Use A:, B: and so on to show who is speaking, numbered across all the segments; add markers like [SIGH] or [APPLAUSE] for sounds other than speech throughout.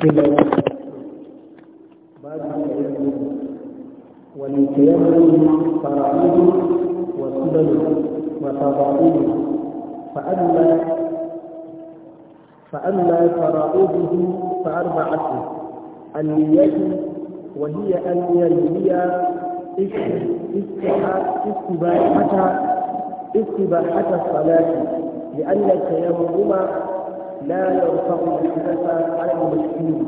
A: باب التيمم والتيمم فرائض وسنن وفضائل
B: فأما فأما فرائضه
A: فأربعة النية وهي أن ينوي استباحة
B: استباحة الصلاة لأن التيمم لا يرفع
A: الحدث على المسكين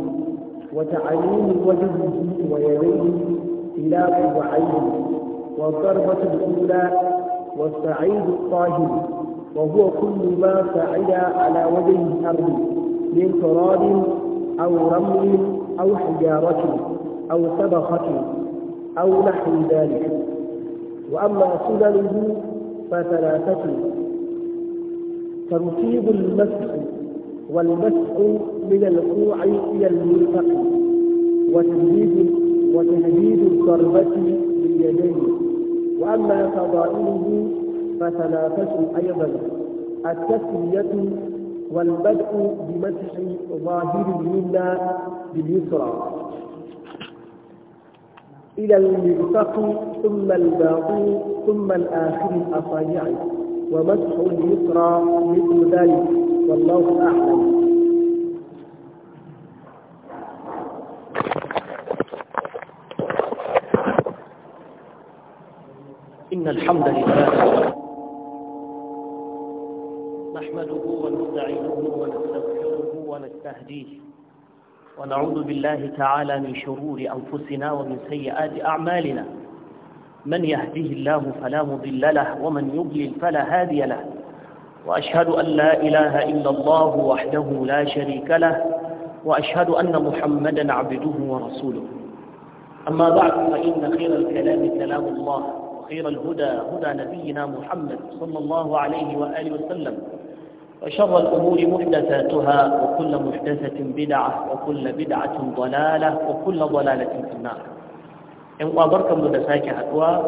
A: وتعليم وجهه ويديه إلى قبعيه والضربة الأولى والسعيد الطاهر وهو كل ما سعد على وجه الأرض
B: من تراب أو رمل أو حجارة أو طبخة أو نحو ذلك وأما سننه فثلاثة ترتيب المسح والمسح
A: من الكوع إلى المرفق وتهديد وتهديد الضربة باليدين وأما فضائله
B: فثلاثة أيضا التسلية والبدء بمسح ظاهر اليمنى باليسرى
A: إلى المرفق ثم الباطن ثم الآخر الأصابع ومسح اليسرى مثل ذلك والله أعلم
B: إن الحمد لله نحمده ونستعينه ونستغفره ونستهديه ونعوذ بالله تعالى من شرور أنفسنا ومن سيئات أعمالنا من يهديه الله فلا مضل له ومن يضلل فلا هادي له وأشهد أن لا إله إلا الله وحده لا شريك له وأشهد أن محمدا عبده ورسوله أما بعد فإن خير الكلام كلام الله وخير الهدى هدى نبينا محمد صلى الله عليه وآله وسلم وشر الأمور محدثاتها وكل محدثة بدعة وكل بدعة ضلالة وكل ضلالة في النار إن أبركم لدساك هدوى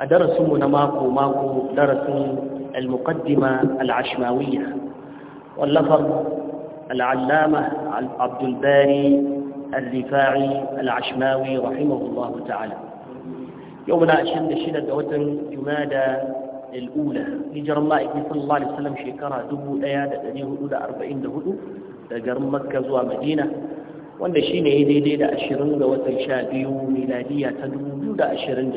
B: أدرسمنا ماكو ماكو درسمنا المقدمة العشماوية واللفظ العلامة عبد الباري الرفاعي العشماوي رحمه الله تعالى يومنا أشهد الشدة دوتن جمادى الأولى نجر الله صلى الله عليه وسلم شكرا دبو أيادة أليه أولى أربعين دهدو دقر مكة زوى مدينة wanda shi ne daidai da ashirin ga watan sha biyu miladiya ta dubu biyu da ashirin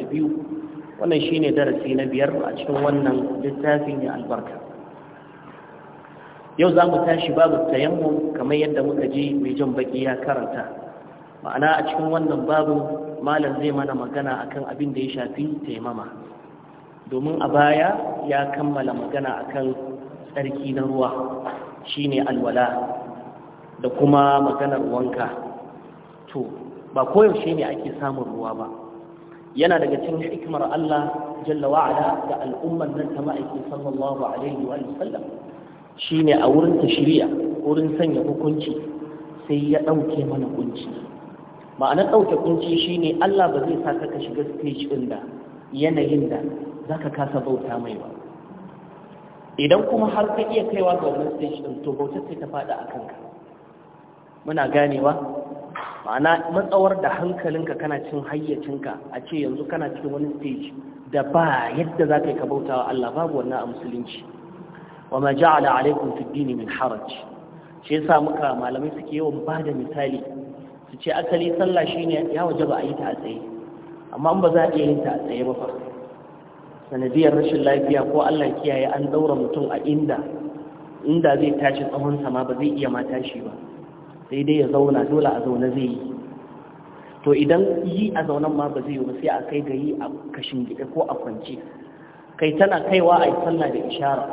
B: wannan shine darasi na biyar a cikin wannan littafin ya albarka yau za mu tashi babu tayammum kamar yadda muka ji mai jan baki ya karanta ma'ana a cikin wannan babu malam zai mana magana akan abin da ya shafi taimama domin a baya ya kammala magana akan tsarki na ruwa shine alwala da kuma maganar wanka to ba koyaushe ne ake samun ruwa ba yana daga cikin hikimar Allah jalla wa'ala ga al'ummar nan ta ma'aiki sallallahu alaihi wa sallam shine a wurin tashri'a wurin sanya hukunci sai ya dauke mana kunci ma'anar dauke kunci shine Allah ba zai sa ka shiga stage din da yanayin da zaka kasa bauta mai ba
A: idan kuma har
B: ka iya kaiwa ga wannan stage din to bautar sai ta fada akan ka muna ganewa ma'ana matsawar da hankalinka kana cin hayyacinka a ce yanzu kana cikin wani stage da ba yadda za ka yi ka bauta wa Allah babu wannan a musulunci wa ma ja'ala alaikum fi dini min haraj shi yasa muka malamai suke yawan ba da misali su ce asali sallah shine ya waje ba a yi ta a tsaye amma in ba za a iya yin ta a tsaye ba fa sanadiyar rashin lafiya ko Allah kiyaye an daura mutum a inda inda zai tashi tsawon sama ba zai iya ma tashi ba sai dai ya zauna dole a zauna zai yi to idan yi a zaunan ma ba zai yi sai a kai ga yi a kashin gida ko a kwance kai tana kaiwa a yi sallah da ishara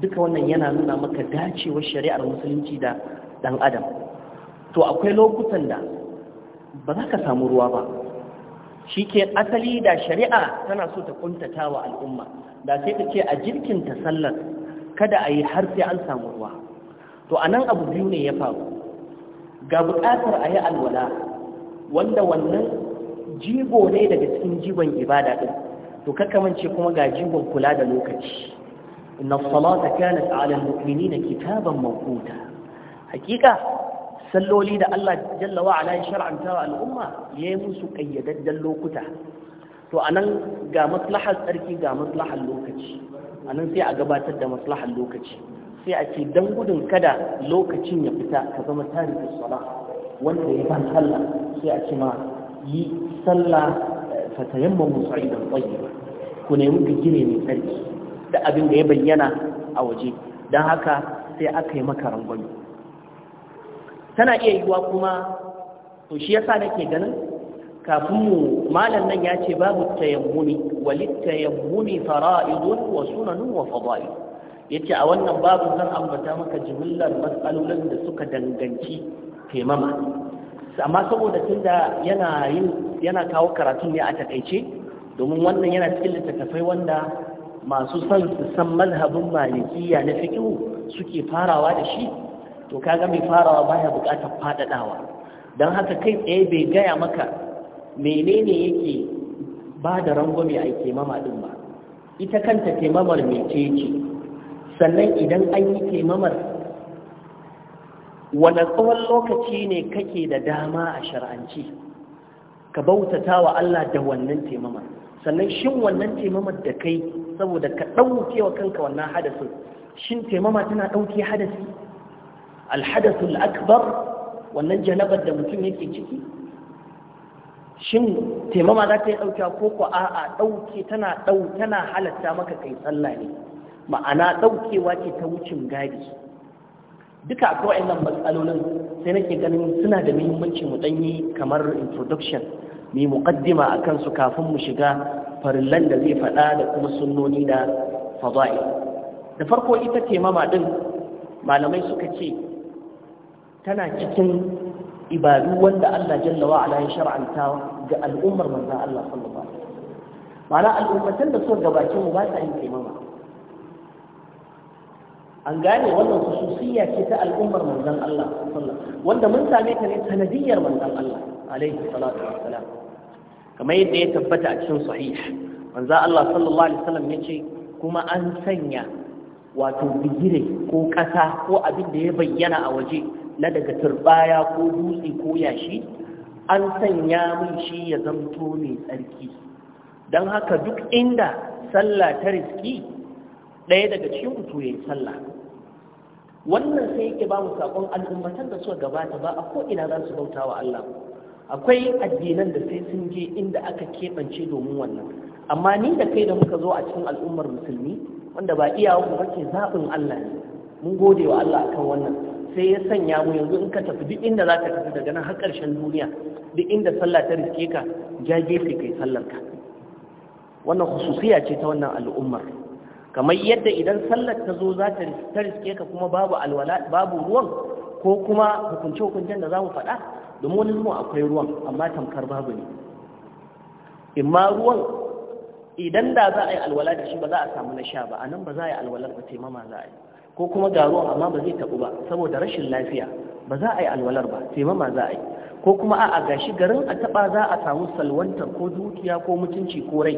B: duka wannan yana nuna maka dacewar shari'ar musulunci da dan adam to akwai lokutan da ba za ka samu ruwa ba shi ke asali da shari'a tana so ta kuntata wa al'umma da sai ta ce a ta sallar kada a yi har sai an samu ruwa to anan abu biyu ne ya faru ga bukatar a yi alwala wanda wannan jigo ne daga cikin jigon ibada ɗin to kakamance kuma ga jigon kula da lokaci inna salata kanat ala almu'minina kitaban mawquta hakika salloli da Allah jalla wa ala shar'anta wa al'umma yayi musu kayyadaddan lokuta to anan ga maslahar tsarki ga maslahar lokaci anan sai a gabatar da maslahar lokaci sai a ce dan gudun kada lokacin ya fita ka zama tarihi salat wanda ya ban sallah sai a ce ma yi sallah eh, fa tayammamu sa'idan tayyiba ku nemi bigire mai tsarki da abin da ya bayyana a waje don haka sai aka yi maka rangwami tana iya yiwuwa kuma to shi yasa nake ganin kafin mu malam nan ya ce babu tayammumi walit tayammumi fara'idun wa sunanun wa fada'il yace a wannan babu zan ambata maka jimillar matsalolin da suka danganci taimama amma saboda tunda yana yana kawo karatu ne a takaice domin wannan yana cikin littattafai wanda masu son su san mazhabin malikiya na fikihu suke farawa da shi to kaga mai farawa baya bukatar faɗaɗawa. don haka kai tsaye bai gaya maka menene yake ba da rangwame a taimama ɗin ba ita kanta taimamar mai ce sannan idan an yi taimamar wane tsawon lokaci ne kake da dama a shar'anci ka bautata wa Allah da wannan taimama sannan shin wannan taimamar da kai saboda ka ɗauke wa kanka wannan hadasin shin taimama tana ɗauke hadasi alhadasul akbar wannan janabar da mutum yake ciki shin taimama za ta yi ɗauke ko ko a'a ɗauke tana ɗau tana halatta maka kai sallah ne ma'ana ɗaukewa ce ta wucin gadi duka akwai wa'annan matsalolin sai nake ganin suna da muhimmanci mu danyi kamar introduction mai muƙaddima a su kafin mu shiga farillan da zai faɗa da kuma sunnoni da fada'i da farko ita ce mama din malamai suka ce tana cikin ibadu wanda Allah Jallawa wa ala ya shar'anta ga al'ummar manzon Allah sallallahu alaihi wasallam ma'ana al'ummatan da suka gabace mu ba yin taimama an gane wannan khususiyya ce ta al'ummar manzon Allah wanda mun same ta ne sanadiyyar manzon Allah alaihi salatu wassalam kamar yadda ya tabbata a cikin sahih manzo Allah sallallahu alaihi wasallam yace kuma an sanya wato bigire ko kasa ko abin da ya bayyana a waje na daga turbaya ko dutse ko yashi an sanya mun shi ya zamto mai tsarki don haka duk inda sallah ta riski ɗaya daga cikin mutu ya yi sallah wannan sai yake ba mu saƙon al'ummatan da suka gabata ba a ko'ina za su bauta wa Allah akwai addinan da sai sun je inda aka keɓance domin wannan amma ni da kai da muka zo a cikin al'ummar musulmi wanda ba iyawa mu bace zaɓin Allah ne mun gode wa Allah akan wannan sai ya sanya mu yanzu in ka tafi duk inda za ka tafi daga nan har ƙarshen duniya duk inda sallah ta riske ka ja gefe kai sallar ka wannan khususiya ce ta wannan al'ummar kamar yadda idan sallar ta zo za ta riske ka kuma babu alwala babu ruwan ko kuma hukunce hukuncen da za mu faɗa domin wani zuwa akwai ruwan amma tamkar babu ne imma ruwan idan da za a yi alwala da shi ba za a samu na sha ba a nan ba za a yi alwalar ba taimama za a yi ko kuma ga ruwan amma ba zai taɓu ba saboda rashin lafiya ba za a yi alwalar ba taimama za a yi ko kuma a gashi garin a taɓa za a samu salwantar ko dukiya ko mutunci ko rai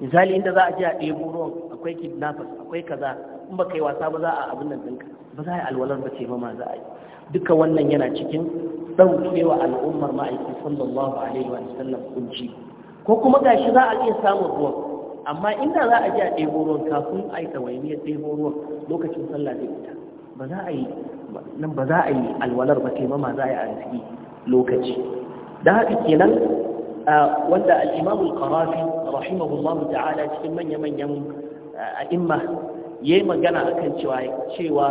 B: misali inda za a je a ɗebo ruwan akwai kidnappers akwai kaza in baka yi wasa ba za a abin nan ɗinka ba za a yi alwalar ba ce ba ma za a yi duka wannan yana cikin ɗaukewa al'ummar ma'aiki sallallahu alaihi wa sallam kunci ko kuma gashi za a iya samun ruwan amma inda za a ji a ɗebo ruwan kafin a yi tawainiyar ɗebo ruwan lokacin sallah zai fita ba za a yi nan ba za a yi alwalar ba ce ba ma za a yi arziki lokaci da haka kenan ah, wanda al'imamul karafi rahimahullahu ta'ala cikin manya-manyan a'imma yayi magana akan cewa cewa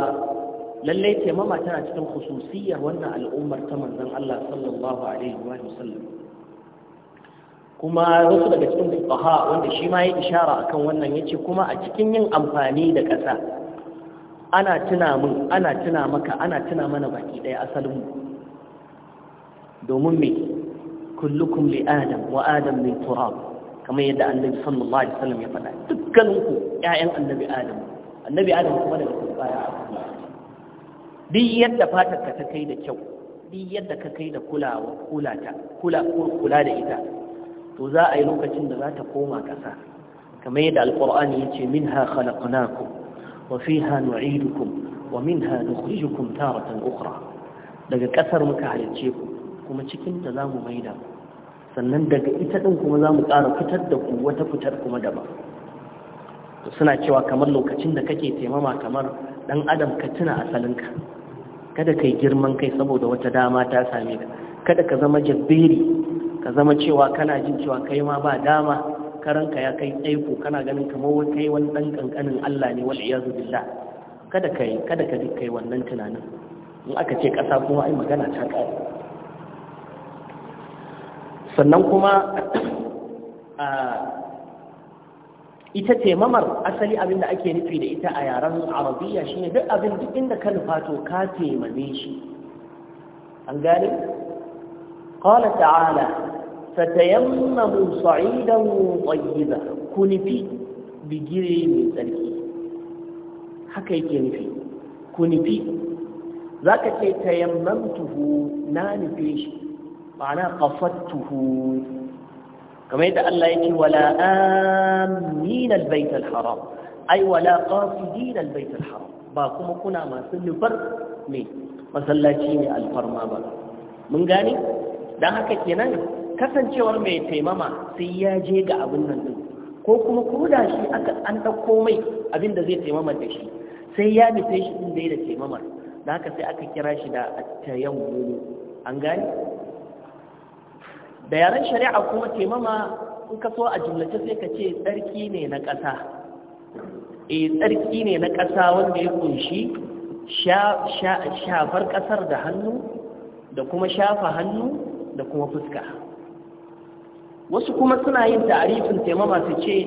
B: lallai taimama tana cikin khususiyar wannan al'ummar ta manzon Allah sallallahu alaihi wa sallam kuma wasu daga cikin fuqaha wanda shi ma ya ishara akan wannan yace kuma a cikin yin amfani da ƙasa ana tuna mun ana tuna maka ana tuna mana baki ɗaya asalin mu domin me kullukum li adam wa adam min turab kamar yadda annabi sallallahu alaihi wasallam ya faɗa dukkaninku ƴaƴan annabi adam annabi adam kuma daga tsaya a kuma duk yadda ka ta kai da kyau duk yadda ka kai da kulawa kula ta kula ko kula da ita to za a yi lokacin da za ta koma ƙasa kamar yadda alqur'ani yace minha khalaqnakum wa fiha nu'idukum wa minha nukhrijukum taratan ukhra daga ƙasar muka halicce ku kuma cikin ta zamu maida ku sannan daga ita ɗin kuma za mu ƙara fitar da ku wata fitar kuma daban suna cewa kamar lokacin da kake taimama kamar ɗan adam ka tuna asalinka kada ka yi girman kai saboda wata dama ta same ka kada ka zama jabberi ka zama cewa kana jin cewa kai ma ba dama karanka ya kai tsaiko kana ganin kamar kai wani ɗan ƙanƙanin Allah ne wani iyazu billah kada ka yi kada ka kai wannan tunanin in aka ce ƙasa kuma ai magana ta ƙare sannan kuma ita ce mamar asali abin da ake nufi da ita a yaren arabiya shine duk abin duk inda ka nufato ka taimame shi an gane qala ta'ala fatayammamu sa'idan tayyiba ku nufi bigire mai tsarki haka yake nufi ku nufi zaka ce tayammamtuhu na nufe shi ma'ana qafattuhu kamar yadda Allah ce wala amina albayt alharam ay wala qasidin albayt alharam ba kuma kuna masu lubar ne masallaci ne alfarma ba mun gane dan haka kenan kasancewar mai taimama sai ya je ga abin nan din ko kuma koda shi aka an dauko mai abin da zai taimama da shi sai ya nufe shi din da taimamar da haka sai aka kira shi da tayammum an gane da yaren shari'a kuma taimama in ka so a jumlace sai ka ce tsarki ne na ƙasa e tsarki ne na ƙasa wanda ya kunshi shafar ƙasar da hannu da kuma shafa hannu da kuma fuska wasu kuma suna yin tarifin taimama su ce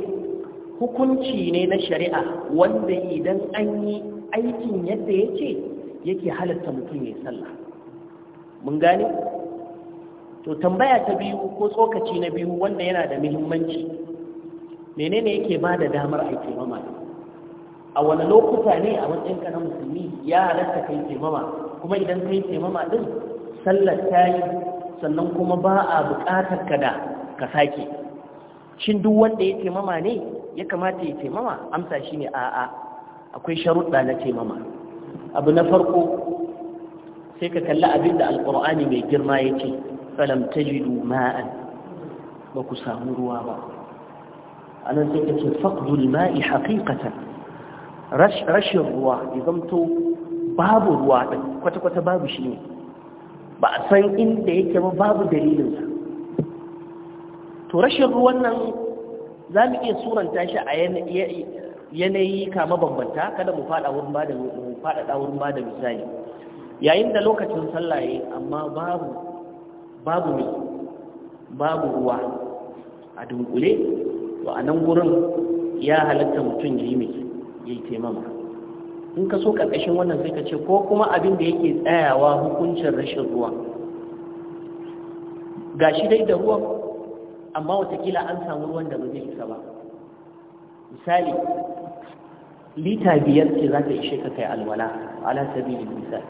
B: hukunci ne na shari'a wanda idan an yi aikin yadda ya ce yake halatta mutum ya sallah mun gane to tambaya ta biyu ko tsokaci na biyu wanda yana da muhimmanci menene yake ba da damar a mama a wani lokuta ne a ka na musulmi ya halatta kai taimama? kuma idan kai taimama din sallar ta yi sannan kuma ba a buƙatar ka da ka sake shin duk wanda ya taimama ne ya kamata ya taimama? amsa shi ne a'a akwai sharuɗa na taimama. abu na farko sai ka kalli abin da alƙur'ani mai girma ya ce falam tajidu ma'an ba ku samu ruwa ba anan sai kace faqdul ma'i haqiqatan rashin ruwa izamto babu ruwa din kwata kwata babu shi ne ba a san inda yake ba babu dalilinsa to rashin ruwan nan za mu iya suranta shi a yanayi kama bambanta kada mu fada wurin ba da misali yayin da lokacin sallah amma babu babu mai babu ruwa a dunkule to a nan gurin ya halatta mutum ya yi mai ya yi taimama in ka so ƙarƙashin wannan sai ka ce ko kuma abin da yake tsayawa hukuncin rashin ruwa ga shi dai da ruwan amma watakila an samu ruwan da ba zai isa ba misali lita biyar ce za ka ishe ka kai alwala ala da misali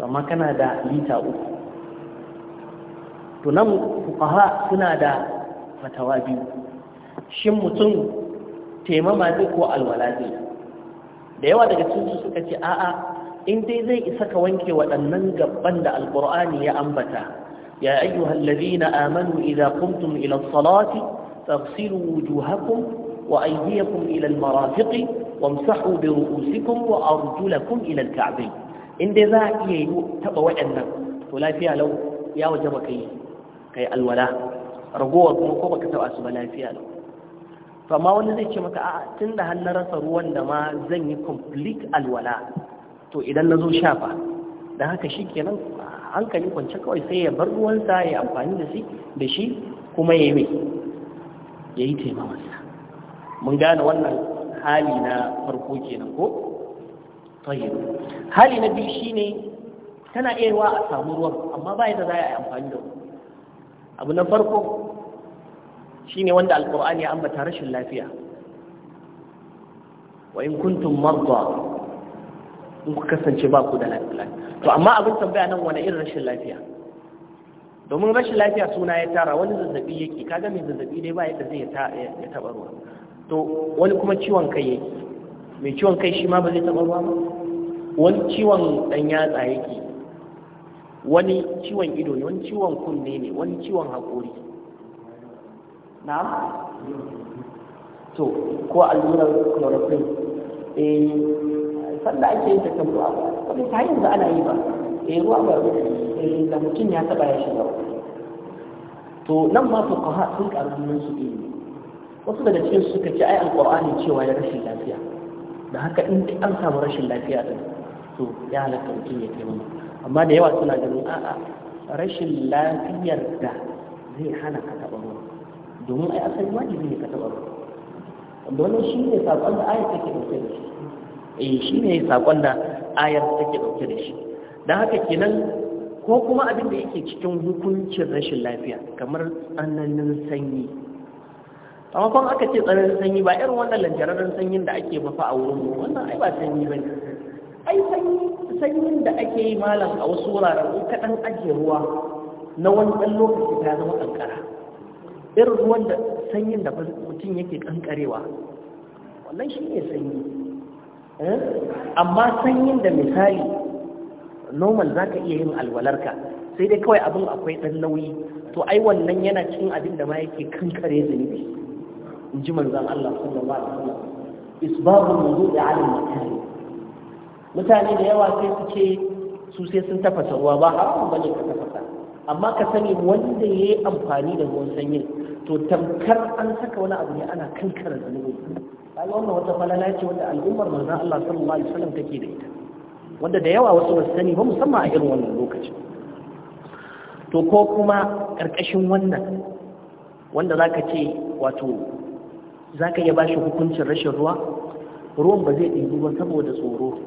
B: amma kana da lita uku Tunan nan suna da fatawa biyu shin mutum taimama zai ko alwala zai da yawa daga cikin suka ce a'a in dai zai isa ka wanke waɗannan gaban da Alkur'ani ya ambata ya ayyuhal ladina amanu idza qumtum ila as-salati faghsilu wujuhakum wa aydiyakum ila al-marafiqi wamsahu bi ru'usikum wa arjulakum ila al in dai za a iya yi taɓa waɗannan to lafiya lau ya waje baka yi kai alwala ragowar kuma ko baka taba su ba lafiya lau to amma wani zai ce maka a'a tun da hannun rasa ruwan da ma zan yi complete alwala to idan na zo shafa da haka shi kenan hankali kwance kawai sai ya bar ruwansa ya amfani da shi da shi kuma ya yi ya yi taimawarsa mun gane wannan hali na farko kenan ko tsayin hali na biyu shine tana iya yi a samu ruwan amma ba da za a yi amfani da ruwan abu na farko shi ne wanda alkur'ani ya ambata rashin lafiya wa in kuntum marda in ku kasance ba ku da lafiya to amma abin tambaya nan wani irin rashin lafiya domin rashin lafiya suna ya tara wani zazzabi yake kaga mai zazzabi dai ba yadda zai ya taba ruwa to wani kuma ciwon kai yake mai ciwon kai shi ma ba zai taba ruwa ba wani ciwon ɗan yatsa yake wani ciwon ido ne wani ciwon kunne ne wani ciwon haƙori na to ko allurar chloroquine eh sanda ake yin ta a wani ta yanzu ana yi ba eh ruwa ba eh da mutum ya taba ya shiga to nan ma haɗu sun karu su ne. wasu daga cikin suka ce ai alqur'ani cewa ya rashin lafiya da haka in an samu rashin lafiya din to ya halatta mutum ya taimaka amma da yawa suna ganin a'a rashin lafiyar da zai hana ka taɓa ruwa domin ai asali wajibi ne ka taɓa ruwa don shi ne saƙon da ayar take ɗauke da shi eh shi ne saƙon da ayar take ɗauke da shi don haka kenan ko kuma abin da yake cikin hukuncin rashin lafiya kamar tsananin sanyi amma kuma aka ce tsananin sanyi ba irin wannan lantararren sanyin da ake mafa a wurin wannan ai ba sanyi ba ne ai sanyin da ake yi malam a wasu wuraren ko kaɗan ajiye ruwa na wani ɗan lokaci ta zama ƙanƙara irin ruwan da sanyin da mutum yake ƙanƙarewa wannan shi ne sanyi
A: eh? amma sanyin da misali
B: normal za ka iya yin alwalarka sai dai kawai abin akwai ɗan nauyi to ai wannan yana cikin abin da ma yake kankare zunubi in ji manzan Allah sallallahu alaihi wasallam isbahu wudu'i ala al-makari mutane da yawa sai su ce su sai sun tafasa ruwa ba haramun bane ka tafasa amma ka sani wanda ya yi amfani da ruwan sanyin to tamkar an saka wani abu ne ana kankara zunubi kaga wannan wata falala ce wanda al'ummar manzon Allah sallallahu alaihi wasallam take da ita wanda da yawa wasu basu sani ba musamman a irin wannan lokacin to ko kuma karkashin wannan wanda zaka ce wato zaka iya bashi hukuncin rashin ruwa ruwan ba zai ɗibi ba saboda tsoro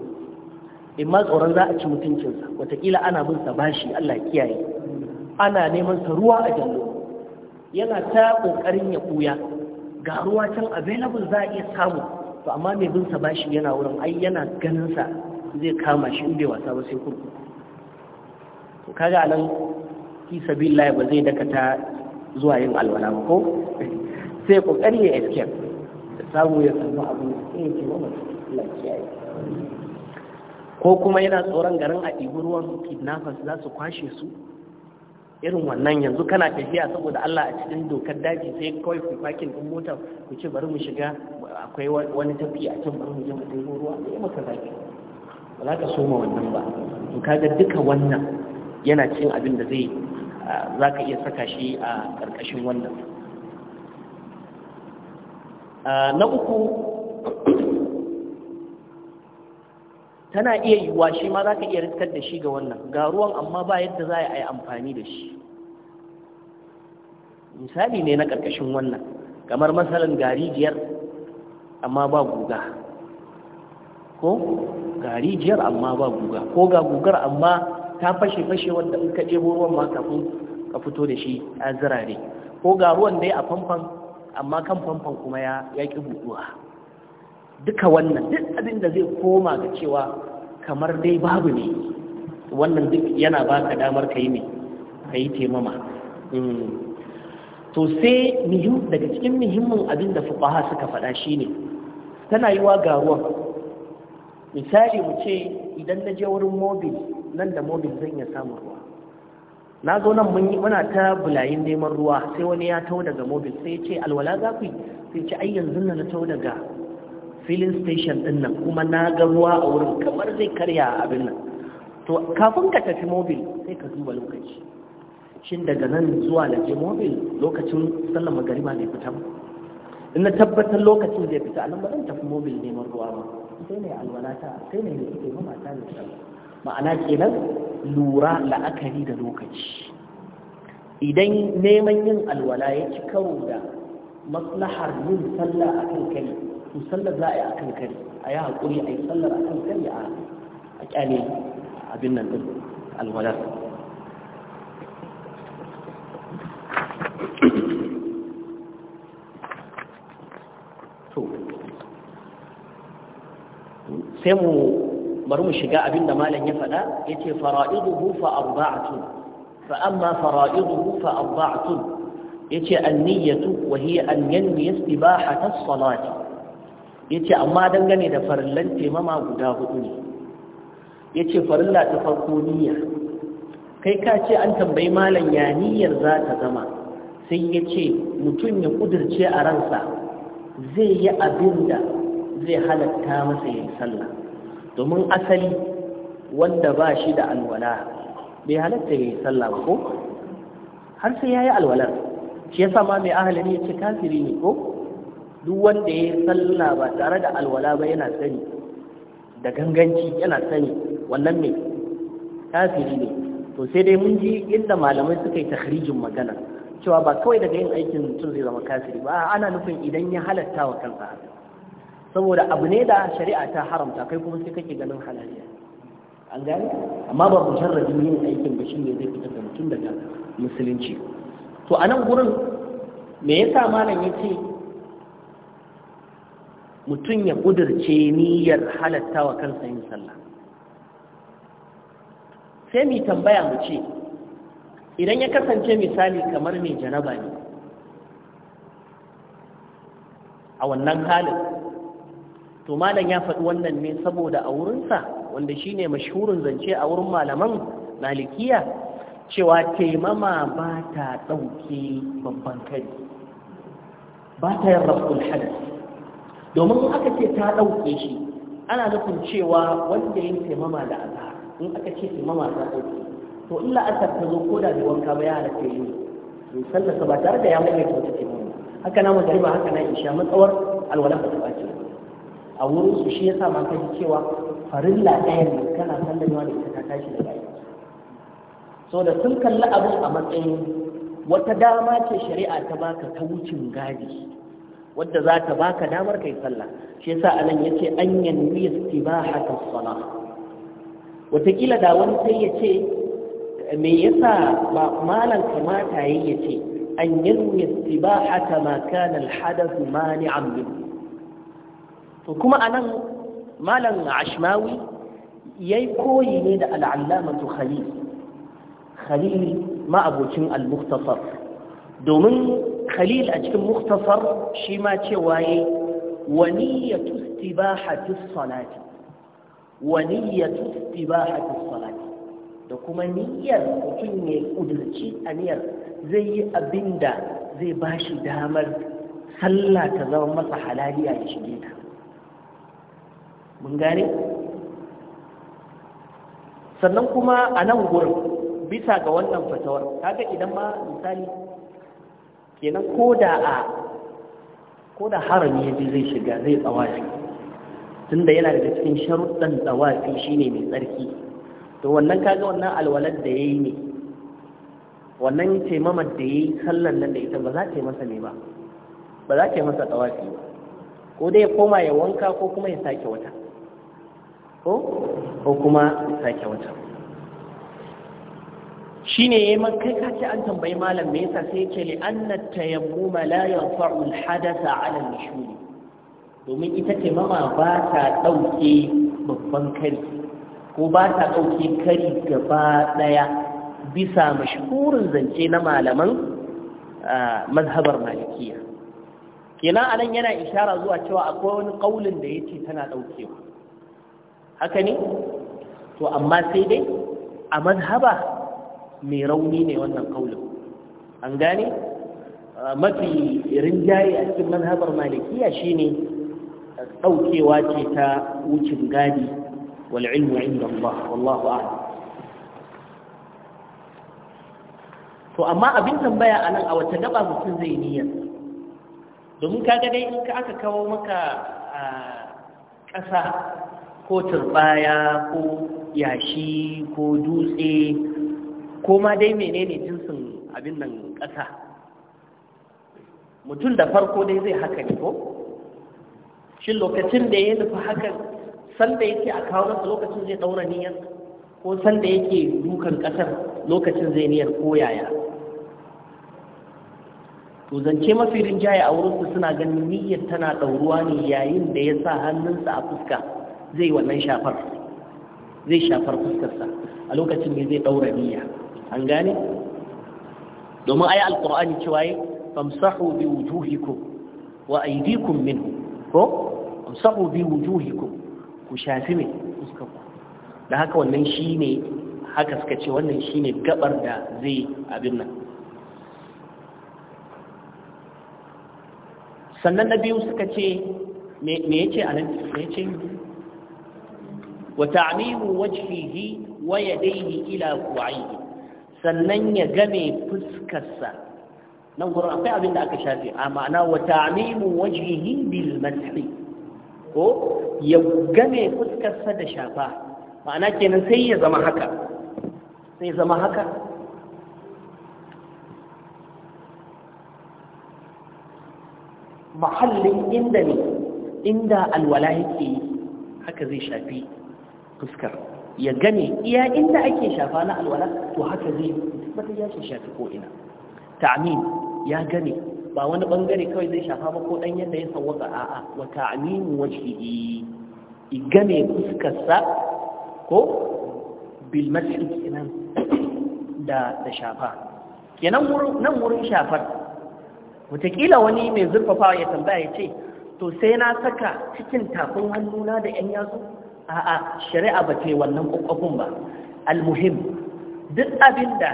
B: in ma tsoron za a ci mutuncinsa watakila ana bin sa bashi Allah kiyaye ana neman sa ruwa a jallo yana ta kokarin ya kuya ga ruwa can available za a iya samu to amma mai bin sa bashi yana wurin ai yana ganin sa zai kama shi in bai wasa ba sai kurku to kaga nan fi sabilillah ba zai dakata zuwa yin alwala ba ko [LAUGHS] sai kokari ya iske da samu ya samu abu sai ya ce wa mutum Allah kiyaye ko kuma yana tsoron garin a ɗibi ruwan kidnappers za su kwashe su irin wannan yanzu kana tafiya saboda Allah a cikin dokar daji sai kawai ku fakin ɗin mota ku ce bari mu shiga akwai wani tafiya a can bari mu je mu ɗebo ruwa sai maka zafi ba za ka soma wannan ba to kaga duka wannan yana cikin abin da zai za ka iya saka shi a ƙarƙashin wannan na uku tana iya yiwuwa shi ma za ka iya riskar da shi ga wannan ga ruwan amma ba yadda za a yi amfani da shi misali ne na ƙarƙashin wannan kamar gari garijiyar amma ba guga ko garijiyar amma ba guga ko ga gugar amma ta fashe-fashe wanda in ka ɗebo ruwan ma kafin ka fito da shi a zirare ko ga ruwan dai a famfan amma kan famfan kuma ya ƙi buɗuwa duka wannan duk abin da zai koma ga cewa kamar dai babu ne wannan duk yana baka damar ka yi ne ka yi taimama hmm. to sai daga cikin muhimmin abin da fuqaha suka faɗa ne. tana yi wa ga misali mu ce idan na je wurin mobil nan da mobil zan iya samun ruwa na zo nan mun yi muna ta bulayin neman ruwa sai wani ya tau daga mobil sai ya ce alwala za ku yi sai ce ai yanzu na tau daga filin station din nan kuma na ga ruwa a wurin kamar zai karya a abin nan to kafin ka tafi mobil sai ka duba lokaci shin daga nan zuwa na je mobil lokacin sallama garima ne fita ba in na tabbatar lokacin zai fita nan ba zan tafi mobil neman ruwa ba sai ne alwalata sai ne ne suke mamata ta ta ma'ana kenan lura la'akari da lokaci idan neman yin alwala ya ci karo da maslahar yin sallah a kan kai to sallar za a yi akan kari a yi haƙuri a yi sallar akan kari a ƙyale abin nan ɗin alwadar sai mu bari mu shiga abin da malam ya faɗa ya ce fara'iduhu fa arba'atun fa amma fara'iduhu fa arba'atun ya ce an niyyatu wa hiya an yanmi istibahata as-salati ya ce amma dangane da farillan taimama guda hudu ne ya ce farilla ta farko niyya kai ka ce an tambayi malam ya niyyar za ta zama sai ya ce mutum ya kudirce a ransa zai yi abin da zai halatta masa yin sallah domin asali wanda ba shi da alwala bai halatta yin sallah ko har sai ya yi alwalar shi ya sama mai ahalari ya ce kafiri ne ko duk wanda ya sallah ba tare da alwala ba yana sani da ganganci yana sani wannan mai kafiri ne to sai dai mun ji inda malamai suka yi tahrijin magana cewa ba kawai daga yin aikin mutum zai zama kafiri ba ana nufin idan ya halatta wa kansa saboda abu ne da shari'a ta haramta kai kuma sai kake ganin halaliya an gane
A: amma ba mujarradin
B: yin aikin ba shine zai fitar da mutum daga musulunci to a nan gurin
A: me yasa malam ya ce
B: mutum ya ƙudurce niyyar halatta wa kansa yin sallah sai mu tambaya mu ce idan ya kasance misali kamar mai janaba ne a wannan halin to malam ya faɗi wannan ne saboda a wurinsa wanda shi ne mashhurin zance a wurin malaman malikiya cewa taimama ba ta ɗauke babban kari ba ta yin rafkul hadis domin aka ce ta ɗauke shi ana nufin cewa wanda yin taimama da aka in aka ce taimama ta ɗauke to illa aka ta zo ko da da wanka ba ya halatta yi sallarsa ba tare da ya mai wata taimama haka na ba haka na isha matsawar alwala ba ta ɓace a wurin su shi ya sa mata ji cewa farilla ɗayan ne kana sallamewa da ita ta tashi da bayan so da sun kalli abin a matsayin wata dama ce shari'a ta baka ta wucin gadi wadda za ta baka damar kai sallah shi yasa anan yace an yanwi istibahata salah wataƙila da wani sai ya ce me yasa ba malan kamata yayi ya ce an yanwi istibahata ma kana alhadath mani'an min to kuma anan malan ashmawi yayi koyi ne da al'allamatu khalil khalil ma abokin al-mukhtasar domin khalil a cikin muktasar shi ma cewa yi waniyatu istibahati salati waniyatu istibahati salati da kuma niyyar mutum ya a aniyar zai yi abinda zai ba shi damar sallah ta zama masa halaliya ya shige ta mun gane sannan kuma a nan gurin bisa ga wannan fatawar kaga idan ma misali kenan ko da a ko da harami ya je zai shiga zai tsawafi tunda yana daga cikin sharuɗan tsawafi shine mai tsarki to wannan kaga wannan alwalar da yi ne wannan taimamar da ya yi sallan nan da ita ba za ta yi masa ne ba ba za ta yi masa tsawafi ba ko dai ya koma ya wanka ko kuma ya sake wata ko ko kuma ya sake wata Shi ne ya kai ka ce an tambayi malam me yasa sai yace li anna tayammuma la yanfa'u al 'ala al domin ita ce mama ba ta dauke babban kari ko ba ta dauke kari gaba daya bisa mashhurin zance na malaman mazhabar malikiya kenan anan yana ishara zuwa cewa akwai wani kaulin da yace tana daukewa haka ne to amma sai dai a mazhaba mai rauni ne wannan kaulin an gane ah, mafi rinjaye a cikin manhabar malikiya shine daukewa eh, ce ta wucin gadi wal ilmu inda Allah wallahu a'lam to amma abin tambaya anan a wata gaba mutum zai niyya domin kaga dai in ka aka kawo maka ah, ƙasa ko turbaya ko yashi ko dutse ko ma dai menene jinsin abin nan ƙasa mutum da farko dai zai haka ne ko shi lokacin da ya nufi hakan sanda yake a kawo nasa lokacin zai ɗaura niyyar ko sanda yake dukan ƙasar lokacin zai niyyar ko yaya to zance mafi rinjaye a wurinsu suna ganin niyyar tana ɗauruwa ne yayin da ya sa hannunsa a fuska zai wannan shafar zai shafar fuskarsa a lokacin ne zai ɗaura niyya an gane domin ayi alqur'ani cewa yi famsahu bi wujuhikum wa aydikum minhu ko famsahu bi wujuhikum ku shafi ne fuskar da haka wannan shine haka suka ce wannan shine gabar da zai abin nan sannan na biyu suka ce me yace anan me yace wa ta'mimu wajhihi wa yadayhi ila ku'ayhi sannan ya game fuskarsa nan gurin akwai abin da aka shafi. a ma'ana wa ta'mimu wajhihi bil mashi ko ya game fuskarsa da shafa ma'ana kenan sai ya zama haka sai ya zama haka mahallin inda ne inda alwala yake haka zai shafi fuskar ya gane iya inda ake shafa na alwala to haka zai mata ya shafi ko'ina. Ta'amin ya gane. ba wani bangare kawai zai shafa ba ko ɗan yadda ya sawwaka a'a wa ta'min wajhihi i game fuskarsa ko bil masjid kenan da shafa kenan wurin nan wurin shafar wataƙila wani mai zurfafa ya tambaya ya ce to sai na saka cikin tafin hannuna da 'yan yatsu a'a shari'a ba ce wannan kwakwafin ba almuhim duk abin da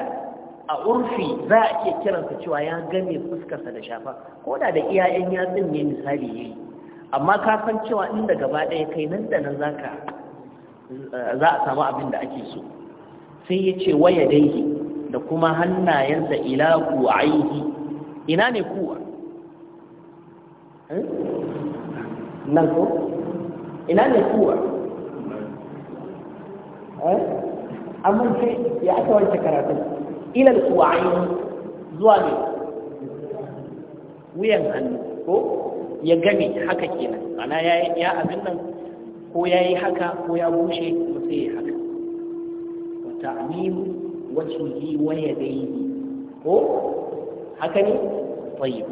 B: a urfi za a iya kiransa cewa ya game fuskarsa da shafa ko da da iyayen yatsun ne misali yi amma ka san cewa inda gaba ɗaya kai nan da nan za a samu abin da ake so sai ya ce waya dai da kuma hannayensa ila ku'aihi ina ne kuwa hmm? nan ko ina ne kuwa Eh? amma ce ya aka wance karatu ilal kuwa'in zuwa ne wuyan hannu ko ya gami haka kenan ana ya abin nan ko ya yi haka ko ya bushe ko sai ya haka wa ta'mim wajhihi wa yadayhi ko haka ne tayyib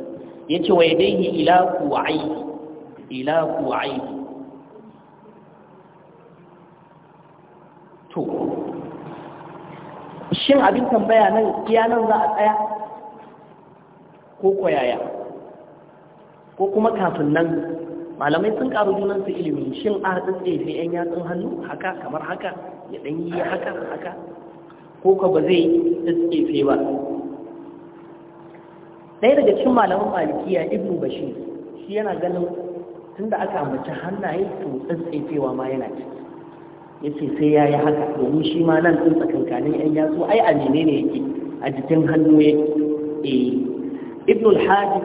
B: yace wa yadayhi ila kuwa'in ila kuwa'in
A: to shin
B: abin tambaya nan iya nan za a tsaya ko koyaya ko kuma kafin nan malamai sun karu junansu ilimi shin a tsaye sai yan yatsun hannu haka kamar haka ya ɗan yi haka haka ko ka ba zai tsaye ba ɗaya daga cikin malamin malikiya ibnu bashir shi yana ganin tunda aka ambaci hannaye to tsaye ma yana ciki ya ce sai ya yi haka domin shi ma nan ɗin tsakankanin ‘yan yatsu ai a ne ne yake a jikin hannu ya e eh. ibn al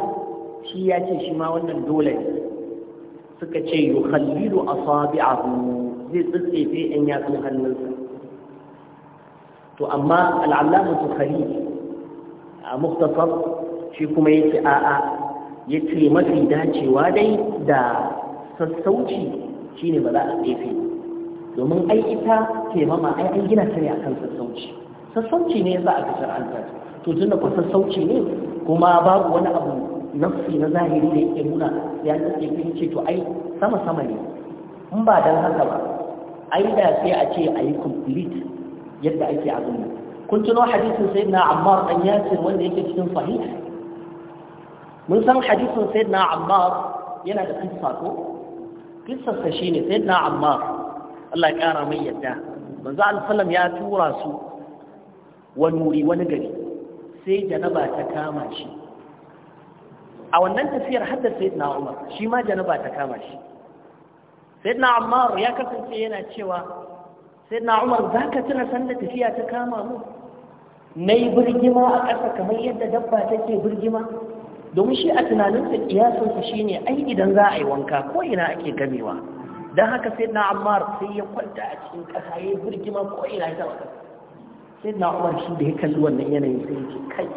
B: shi ya ce shi ma wannan dole suka ce yu khallilu asabi'ahu zai tsitsefe ‘yan yatsun hannunsa to amma al'allamu su khali a muktasar shi kuma ya ce a'a ya ce mafi dacewa dai da sassauci shine ba za a tsefe domin ai ita ke taimama ai an gina ta ne a kan sassauci sassauci ne za a aka shar'anta to da ko sassauci ne kuma babu wani abu nafsi na zahiri da yake nuna ya nake kin ce to ai sama sama ne in ba dan haka ba ai da sai a ce a yi complete yadda ake azumi kun tuno hadisin sayyidina Ammar dan Yasir wanda yake cikin sahih mun san hadisin sayyidina Ammar yana da kissa ko kissa sa shine sayyidina Ammar Allah ya ƙara mai yadda manzo alfalam ya tura su wani wuri wani gari sai janaba ta kama shi a wannan tafiyar hadda sayyidina Umar shi ma janaba ta kama shi sayyidina Ammaru ya kasance yana cewa sayyidina Umar za ka tuna sanda tafiya ta kama mu Na yi birgima a ƙasa kamar yadda dabba take birgima domin shi a tunaninsa kiyasinsa shine ai idan za a yi wanka ko ina ake gamewa don haka sai na ammar sai ya kwanta a cikin ƙasa ya yi birgima ko ina ya taba sai na umar shi da ya kalli wannan yanayin sai ya ce kai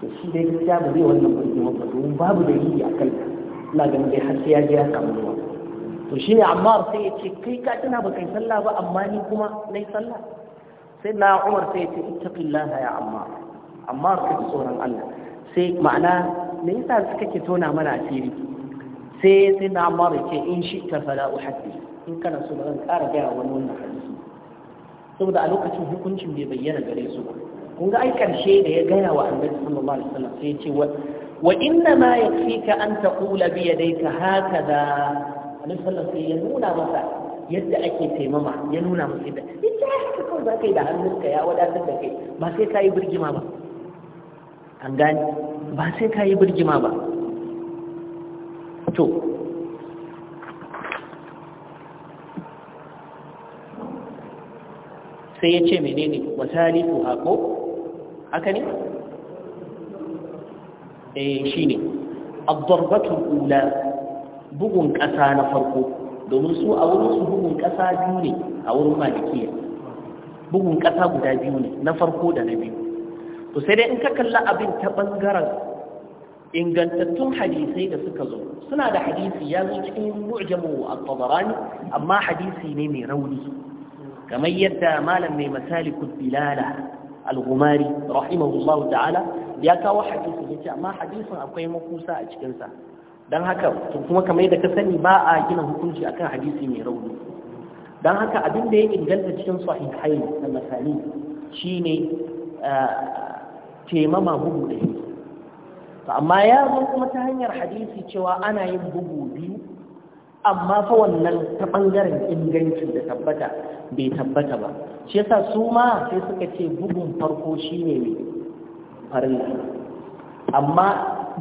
B: sai shi da ya ba zai wannan birgima ba domin babu da yi a kai ina ganin dai har sai ya je ya samu ruwa to ne ammar sai ya ce kai ka tana ba kai sallah ba amma ni kuma na yi sallah sai na umar sai ya ce ittaqillaha ya ammar ammar ka tsoron Allah sai ma'ana me yasa suka ke tona mana asiri sai sai na mara ce in shi ta fara uhaddi in kana so ba zan ƙara gaya wani wannan hadisi saboda a lokacin hukuncin bai bayyana gare su ba kun ga ai karshe da ya gaya wa annabi sallallahu alaihi wasallam sai ya ce wa inna ma yakfika an taqula bi yadayka hakaza annabi sallallahu alaihi wasallam ya nuna masa yadda ake taimama ya nuna masa yadda yace haka kawai za ka yi da hannunka ya wadatar da kai ba sai ka yi birgima ba an gane ba sai ka yi birgima ba fito sai ya ce menene ko hako haka ne eh ne. ad-darbatu ula bugun kasa na farko domin su a wurin su bugun kasa biyu ne a wurin malikiya bugun kasa guda biyu ne na farko da na biyu to sai dai in ka kalla abin ta bangaren ingantattun hadisai da suka zo suna da hadisi ya zo cikin mu'jamu al-tabarani amma hadisi ne mai rauni kamar yadda malam mai misali bilala al-gumari rahimahullahu ta'ala ya kawo hadisi ya ce amma hadisin akwai makusa a cikinsa don haka kuma kamar yadda ka sani ba a gina hukunci akan hadisi mai rauni don haka abin da ya inganta cikin sahihai da masani shine eh, taimama bugu da to amma ya zo kuma ta hanyar hadisi cewa ana yin bugu biyu amma fa wannan ta bangaren ingancin da tabbata bai tabbata ba shi yasa su ma sai suka ce bugun farko shine mai farin amma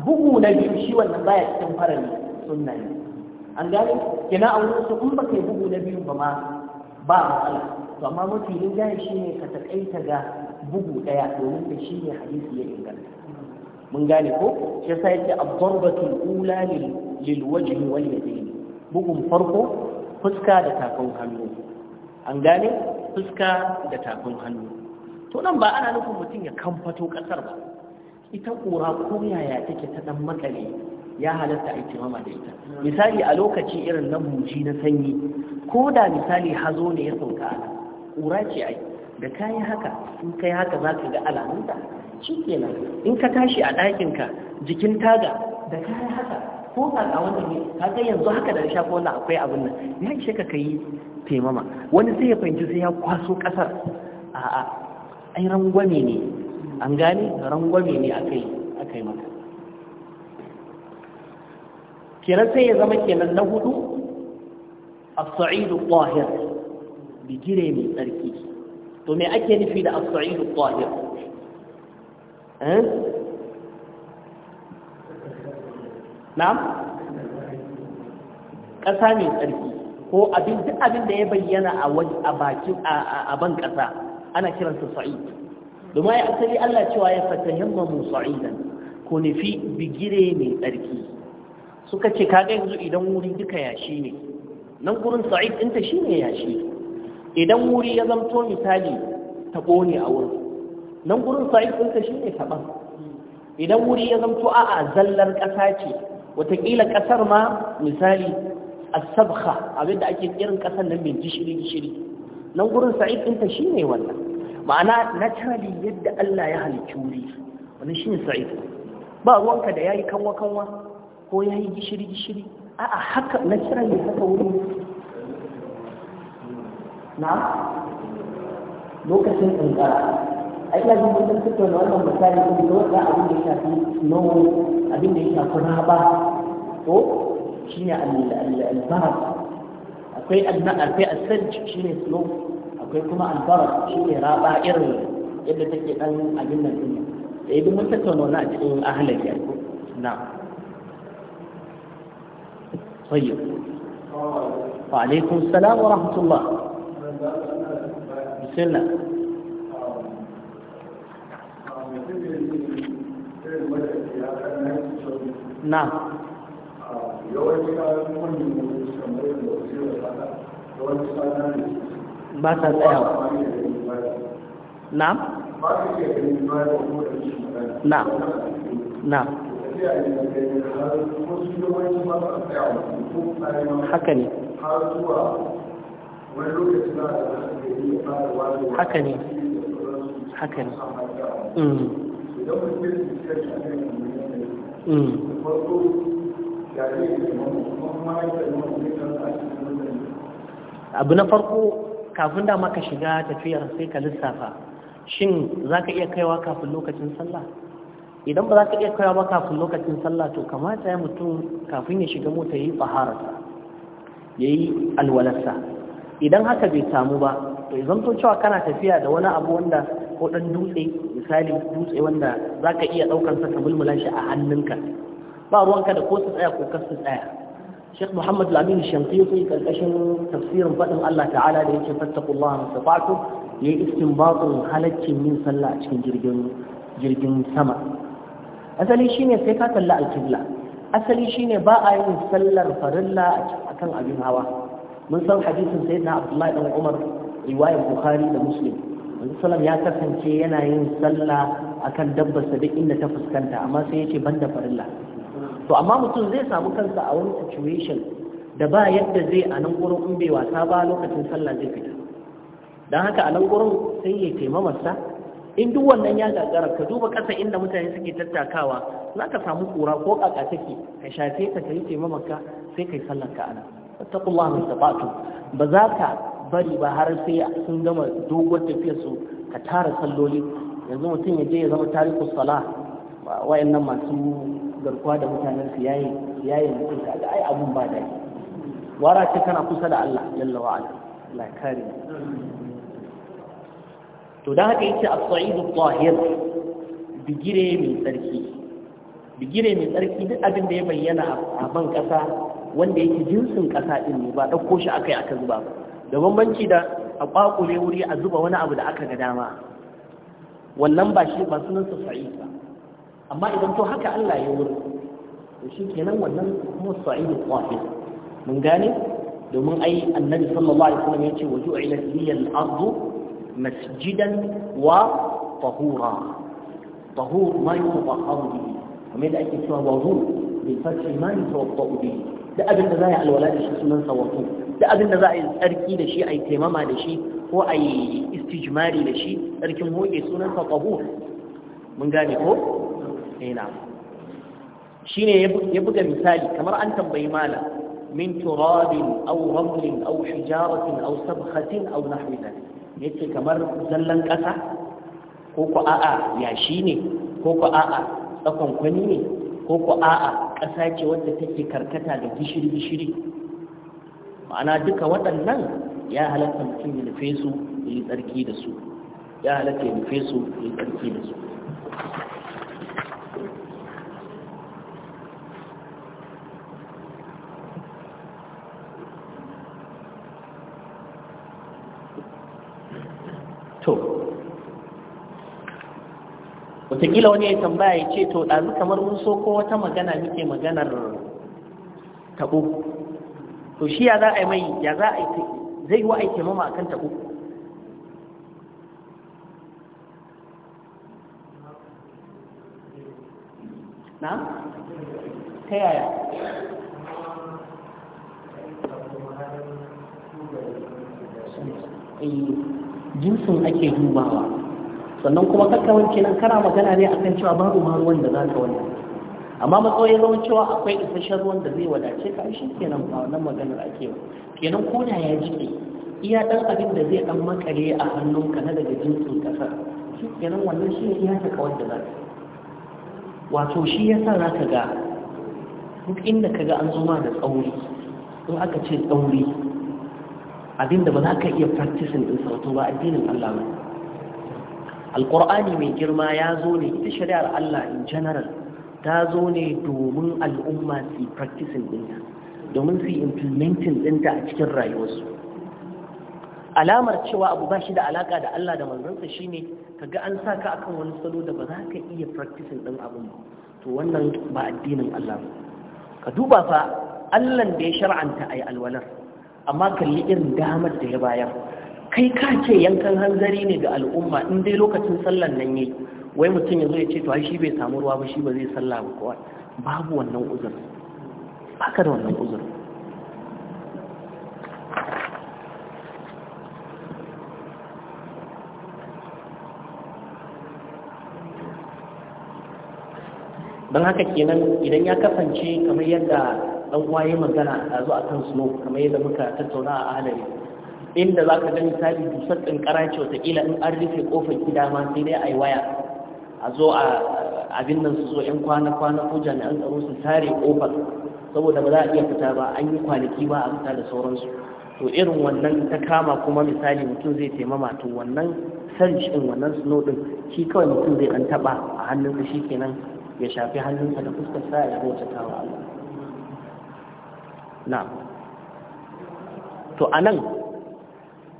B: bugu na biyu shi wannan baya cikin farin sunna ne an gane kina an wasu in ba kai bugu na biyu ba ma ba matsala to amma mafi inganci shine ka takaita ga bugu daya domin da shine hadisi ya inganta mun gane ko shi yasa yake abdurbatul ula lil wajhi wal yadayn bugun farko fuska da tafin hannu an gane fuska da tafin hannu to nan ba ana nufin mutum ya kamfato kasar ba ita kura ko yaya take ta dan makale ya halatta a kimama da ita misali a lokaci irin na buji na sanyi ko da misali hazo ne ya sauka ana kura ce ai da kayi haka in kai haka za ka ga alamun ta shi kenan in ka tashi a ɗakinka jikin taga da kayan haka ko a wani ne Ka ga yanzu haka da ko wannan akwai abin nan ya ishe ka kai taimama wani sai ya fahimci sai ya kwaso ƙasar a'a ai rangwame ne an gane rangwame ne akai akai maka
A: kenan sai ya zama
B: kenan na hudu as-sa'idu tahir bigire mai tsarki to me ake nufi da as-sa'idu tahir Eh? na'am ƙasa mai tsarki ko abin duk abin da ya bayyana a a bakin a ban ƙasa ana kiransa sa'id domin ya asali Allah cewa ya fatahimma mu sa'idan ko nufi bigire mai tsarki suka ce kaga yanzu idan wuri duka yashi ne nan gurin sa'id ɗinta ne yashi idan wuri ya zamto misali taɓo ne a wurin nan gurin sa'id ɗinka shi ne taɓan idan wuri ya zamto a zallar ƙasa ce wataƙila ƙasar ma misali asabha abinda ake irin ƙasar nan mai gishiri gishiri nan gurin sa'id ɗinka shi ne wannan ma'ana na naturally yadda Allah ya halicci wuri wannan shi ne sa'id ba ruwanka da yayi kanwa kanwa ko yayi gishiri gishiri a'a haka na naturally
A: haka wuri na lokacin ƙanƙara
B: ai ina jin mun tattauna wannan misali din da wanda abin da ya shafi nono abin da ya shafi raba ko shine al-barat akwai al-na'ar akwai al-sanj shine slow akwai kuma al-barat shine raba irin yadda take dan abin nan din da idan mun tattauna wannan a cikin ahlal ya ko na'am
A: طيب وعليكم السلام ورحمة الله بسم الله نعم مثلا نعم نعم نعم حكني حكني حكني امم Mm.
B: abu na farko kafin da maka shiga tafiyar sai ka lissafa shin za ka iya kaiwa kafin lokacin sallah idan ba za ka iya kaiwa ba kafin lokacin sallah to kamata ya mutum kafin ya shiga mota ya yi fahararsa ya yi alwalarsa idan haka bai samu ba to izan to cewa kana tafiya da wani abu wanda ko dan dutse misali dutse wanda za ka iya ɗaukar sa mulmulan shi a hannunka ba ruwanka da ko su tsaya ko kar su tsaya Sheikh Muhammad Lamin Shamtiti karkashin tafsirin faɗin Allah ta'ala da yake fattakullaha masafatu ya yi istinbatun halaccin yin sallah a cikin jirgin jirgin sama asali shine sai ka kalla alkibla asali shine ba a yin sallar farilla akan abin hawa mun san hadisin sayyidina Abdullahi dan Umar riwayar Bukhari da Muslim manzo sallam ya kasance yana yin sallah akan dabbarsa duk inda ta fuskanta amma sai yace da farilla to amma mutum zai samu kansa a wani situation da ba yadda zai a nan gurin in bai wasa ba lokacin sallah zai fita don haka a nan gurin sai ya taimamarsa in duk wannan ya gagara ka duba kasa inda mutane suke tattakawa za ka samu kura ko ƙaƙa take ka shafe ta ka yi taimamarka sai ka yi sallar ka ana ba za ka bari ba har sai sun gama doguwar tafiyar su ka tara salloli yanzu mutum ya je ya zama tariku sala nan masu garkuwa da mutanen su yayi yayi mutum ga ai abun ba da wara ce kana kusa da Allah jalla wa ala Allah kare to dan haka yace as-sa'id at-tahir bigire mai tsarki bigire mai tsarki duk abin da ya bayyana a ban kasa wanda yake jinsin kasa din ne ba dauko shi akai aka zuba ba da bambanci da a kwakule wuri a zuba wani abu da aka ga dama wannan ba shi ba sunan sa sa'i ba amma idan to haka Allah ya wuri to shi kenan wannan kuma sa'idul qafi mun gane domin ai annabi sallallahu alaihi wasallam yace wa ju'ila liyal ardu masjidan wa tahura tahur ma yutahharu bihi kamar da ake cewa wazu bil fathi ma yutahharu bihi da abin da za ya alwala da shi sunan sa wazu da abin da za a yi tsarki da shi a yi taimama da shi ko a yi istijmari da shi tsarkin hoge sunan faƙahu mun gane ko? ina eh, shi ne ya buga misali kamar an tambayi mala min turabin au ramlin au shijaratin au sabhatin au nahwi ya ce kamar zallan ƙasa ko ku a'a yashi ne ko ku a'a tsakonkwani ne ko ku a'a ƙasa ce wadda take karkata da gishiri-gishiri ma'ana duka waɗannan ya halatta mutum ya nufe su ya yi tsarki da su ya halatta ya nufe su ya yi tsarki da su wataƙila wani ya tambaya ya ce to ɗazu kamar mun so ko wata magana muke maganar taɓo to shi ya za a yi mai ya za a yi zai yi wa aiki mama a kan uku
A: na? ta yaya eh,
B: jinsin ake dubawa sannan kuma kakka wanke nan kana magana ne a kan cewa babu ma ruwan da za ka wani amma matsayin zama cewa akwai isasshen ruwan da zai wadace ka shi kenan ba wannan maganar ake ba kenan ko ya jike iya dan abin da zai dan makare a hannunka na daga jinsin kasar shi kenan wannan shi ne iya ta wanda da zaka wato shi ya sa za ka ga duk inda ka ga an zuma da tsauri in aka ce tsauri abinda ba za ka iya practicing din sautu ba addinin Allah ba alƙur'ani mai girma ya zo ne ita shari'ar Allah in general ta zo ne domin al'umma su practicing dinta, domin su implementing dinta a cikin rayuwarsu alamar cewa abu ba shi da alaka da Allah da manzansa shine kaga an sa ka akan wani salo da ba za ka iya practicing ɗin abu ba to wannan ba addinin Allah ba ka duba fa Allahn da ya shar'anta a yi alwalar amma kalli irin damar da ya bayar kai ka ce yankan hanzari ne ga al'umma in dai lokacin sallan nan yayi wai mutum yanzu ya ce to shi bai samu ruwa ba shi ba zai salla ba kowa babu wannan uzur baka da wannan uzur don haka kenan idan ya kasance kamar yadda dan waye magana a zuwa kan snow kamar yadda muka tattauna a halari inda za ka gani misali dusar kankara ce wataƙila in an rufe kofar gida ma sai dai a yi waya a zo a abin nan su zo yan kwana-kwana ko jami'an tsaro su tare kofar saboda ba za a iya fita ba an yi kwanaki ba a fita da sauransu to irin wannan ta kama kuma misali mutum zai taimama to wannan sarji shi wannan suno din shi kawai mutum zai dan taba a hannunsa shi kenan ya shafi hannunsa da sa ya bauta ta wa Allah na to anan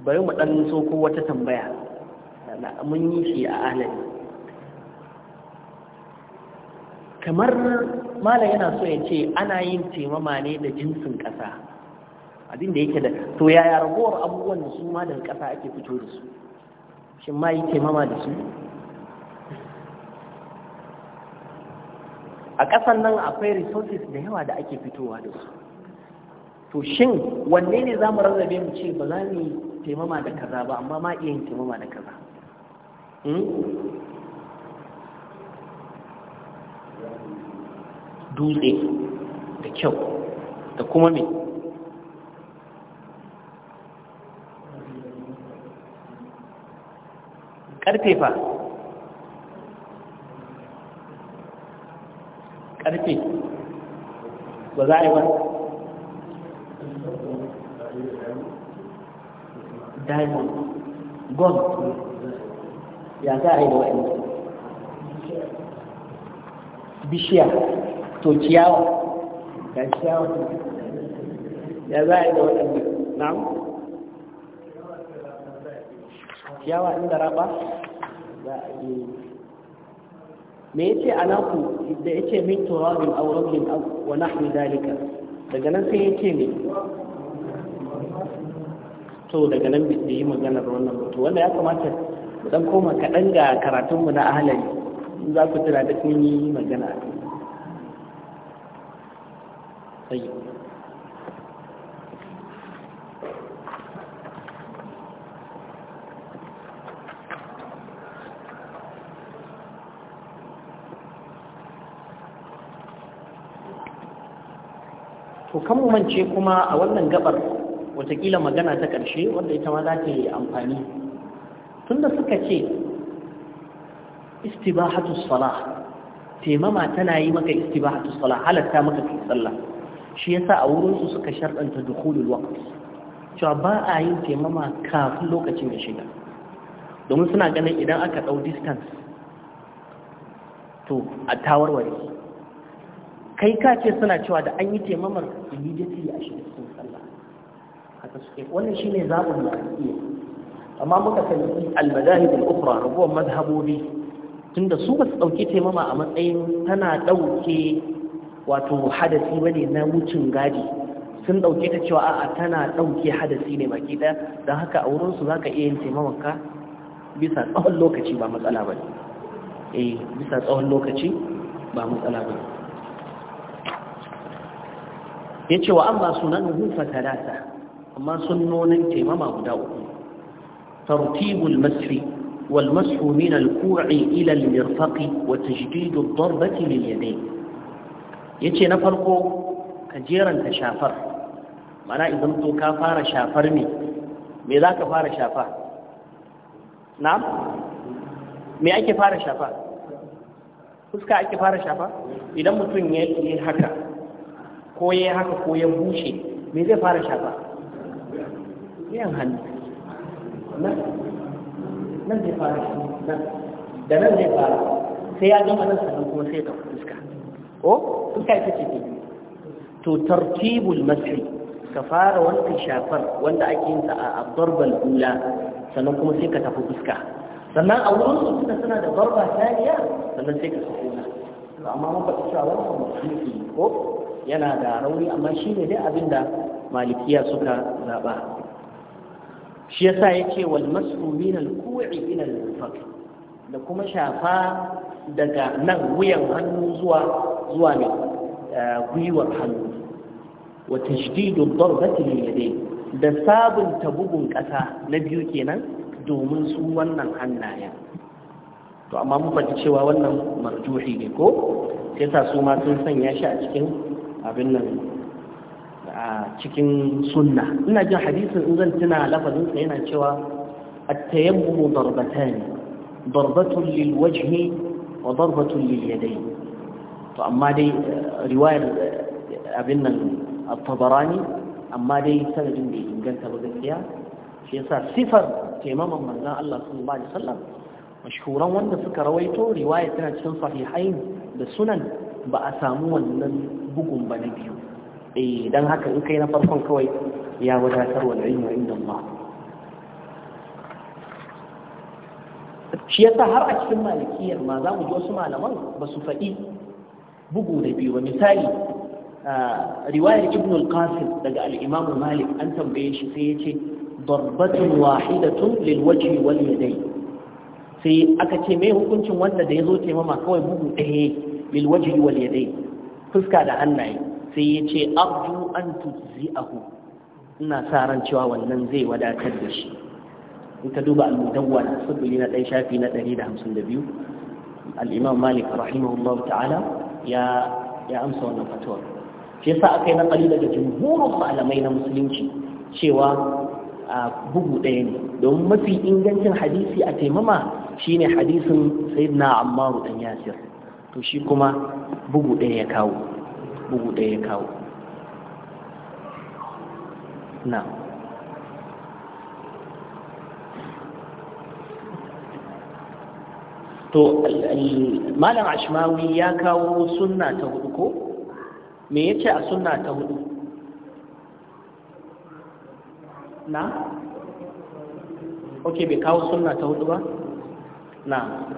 B: bari mu dan ko wata tambaya mun yi shi a alani kamar malam yana so ya ce ana yin taimama ne da jinsin ƙasa abin da yake da to yaya ragowar abubuwan da su ma daga ƙasa ake fito da su shin ma yi taimama da su a ƙasan nan akwai resources da yawa da ake fitowa da su
A: to shin wanne ne za mu
B: rarrabe mu ce ba za mu yi taimama da kaza ba amma ma iya yin taimama da kaza
A: hmm? dutse
B: da kyau da kuma mai ƙarfe fa ƙarfe ba za a yi wani diamond gold ya za a yi da wa'in bishiya to ciyawa ga ciyawa ya za a yi da waɗanda na'am ciyawa inda raba za a yi me ya ce alaku da ya ce min turabin auren wa nahmi dalika daga nan sai ya ce ne to daga nan da yi maganar wannan mutu wanda ya kamata mu dan koma kaɗan ga karatunmu na ahalari za ku tuna duk mun yi magana a kai طيب to kan mu mance kuma a wannan gabar watakila magana ta ƙarshe wanda ita ma za ta yi amfani tunda suka ce istibahatu salah taimama tana yi maka istibahatu salah halatta maka kai sallah shi ya sa a wurinsu suka sharɗanta dukhulul waqt cewa ba a yi taimama kafin lokacin da shiga domin suna ganin idan aka ɗau distance to a tawarware kai ka suna cewa da an yi taimamar immediately a shiga cikin sallah haka suke wannan shine zaɓin da iya amma muka sani al-madahib al-ukhra rabuwar mazhabobi tunda su ba su dauke taimama a matsayin tana dauke wato hadasi bane na wucin gadi sun dauke ta cewa a'a tana dauke hadasi ne baki daya don haka a wurinsu za ka iya yin taimamanka bisa tsawon lokaci ba matsala ba ne. E, bisa tsawon lokaci ba matsala bane eh, ce wa amma ta fatalata amma sunnonin taimama guda uku tartibul masri والمسح من الكوع إلى المرفق وتجديد الضربة لليدين ya ce na farko ka jeranta shafar mana idan to ka fara shafar ne me za ka fara shafa na? me ake fara shafa fuska ake fara shafa idan mutum ya yi haka ko ya yi haka ko ya bushe me zai fara shafa yan hannu nan zai fara da nan zai fara sai ya gama nan sannan kuma sai ya fuska ko fuska ita ce ke to tartibul masri ka fara wannan shafar wanda ake yin sa a darbal ula sannan kuma sai ka tafi fuska sannan a wurin su suna suna da barba saniya sannan sai ka tafi fuska amma mun faɗi cewa wannan mutunci ko yana da rauni amma shi ne dai abin da malikiya suka zaɓa shi yasa ya ce wal masu min al-ku'i ila al da kuma shafa daga nan wuyan hannu zuwa zuwa ne eh, gwiwar hannu wa
A: tajdidu
B: darbati lil yadayn da sabunta bugun ƙasa na biyu kenan domin su wannan hannayen to amma mun faɗi cewa wannan marjuhi ne ko sai sa su ma sun sanya shi a cikin abin nan a cikin sunna ina jin hadisin in zan tuna lafazin sa yana cewa at-tayammumu darbatan Barbatun lil wa darbatun lil فأما دي رواية أبن الطبراني أما دي سنة جندي إن قلت بغسيا في صار صفر في إمام من الله الله صلى الله عليه وسلم مشهورا وانا فكر رويته رواية سنة في صحيحين بسنن بأسامو أن بقم بنبيو إيه دان هكا إن كينا فرقان كويت يا وجاسر والعلم عند الله shi yasa har a cikin malikiyar ma za mu ji bugu da biyu misali riwayar ibn al-qasim daga al-imam malik an tambaye shi sai yace darbatun wahidatun lil wajhi wal yadayn sai aka ce me hukuncin wanda da yazo taimama kawai bugu ɗaya lil wajhi wal yadayn fuska da hannaye sai yace arju an tujzi'ahu ina sa ran cewa wannan zai wadatar da shi in ka duba al-mudawwana sabili na ɗan shafi na 152 al-imam malik rahimahullahu ta'ala ya amsa wannan fatuwar shi yasa aka yi nakali daga jumhurin malamai na musulunci cewa a bugu ɗaya ne domin mafi ingancin hadisi a taimama shine hadisin sayyidina ammaru dan yasir to shi kuma bugu ɗaya ya kawo bugu ɗaya ya kawo na to malam ashmawi ya kawo sunna ta hudu ko me yace a sunna ta hudu
A: na ok bai kawo sunna ta hudu ba na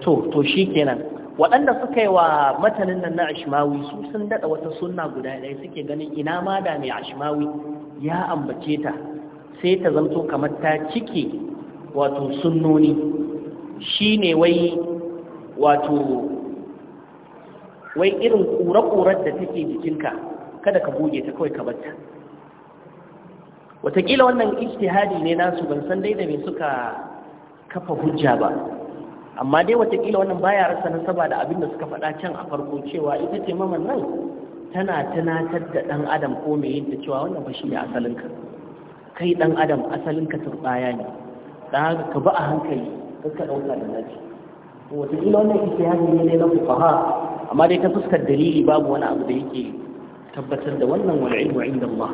A: to to shi kenan
B: waɗanda suka yi wa matanin nan na ashmawi su sun daɗa wata sunna guda ɗaya suke ganin ina ma da mai ashmawi ya ambace ta sai ta zamto kamar ta cike wato sunnoni Shi ne wai wato wai irin ƙura-ƙurar da take jikinka kada ka buge ta kawai ka batta wataƙila wannan hadi ne nasu ban san dai da me suka kafa hujja ba amma dai watakila wannan baya rasa nasaba da abinda suka faɗa can a farko cewa ita ce maman nan tana tunatar da ɗan adam ko mai yin ta cewa wannan ba shi ne asalinka kai ɗan adam asalinka turɓaya ne don haka ka ba a hankali ka ɗauka da naci wataƙila wannan ijtihadi ne na fuqaha amma dai ta fuskar dalili babu wani abu da yake tabbatar da wannan wal ilmu inda Allah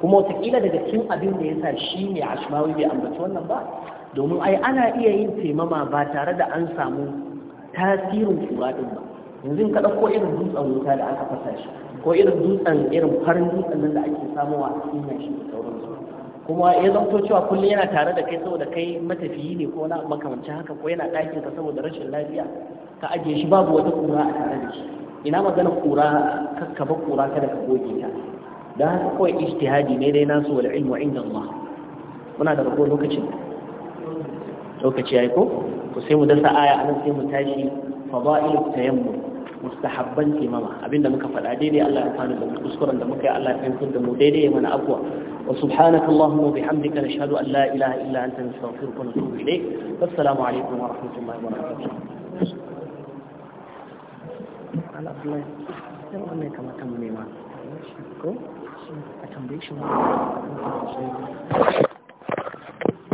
B: kuma wataƙila daga cikin abin da ya yasa shi ne ashmawi bai ambaci wannan ba domin ai ana iya yin taimama ba tare da an samu tasirin kura din ba yanzu ka ɗauko irin dutsen wuta da aka fasa shi ko irin dutsen irin farin dutsen nan da ake samowa a cikin yashi da sauransu kuma ya zanto cewa kullum yana tare da kai saboda kai matafiyi ne ko na makamancin haka ko yana ɗakin ka saboda rashin lafiya ka ajiye shi babu wata kura a tare da shi ina magana kura ka ba kura kada ka goge ta dan haka kawai ijtihadi ne dai nasu wal ilmu inda Allah muna da rabo lokacin lokaci yayi ko to sai mu dasa aya anan sai mu tashi fadail tayammum mustahabban limama abinda muka faɗa daidai Allah ya fara da kuskuren da muka yi Allah ya fahimtar da mu daidai mana abuwa wa subhanaka allahumma wa bihamdika nashhadu an la ilaha illa anta nastaghfiruka wa natubu ilayk assalamu alaikum wa rahmatullahi wa barakatuh
A: Allah wannan